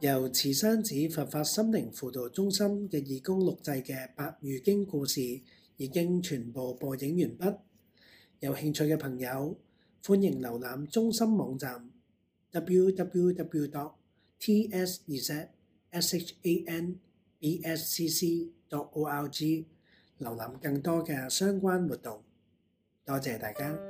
由慈山寺佛法心靈輔導中心嘅義工錄製嘅《百喻經》故事已經全部播映完畢。有興趣嘅朋友，歡迎瀏覽中心網站 www.tszshanbscc.org，s 瀏覽更多嘅相關活動。多謝大家！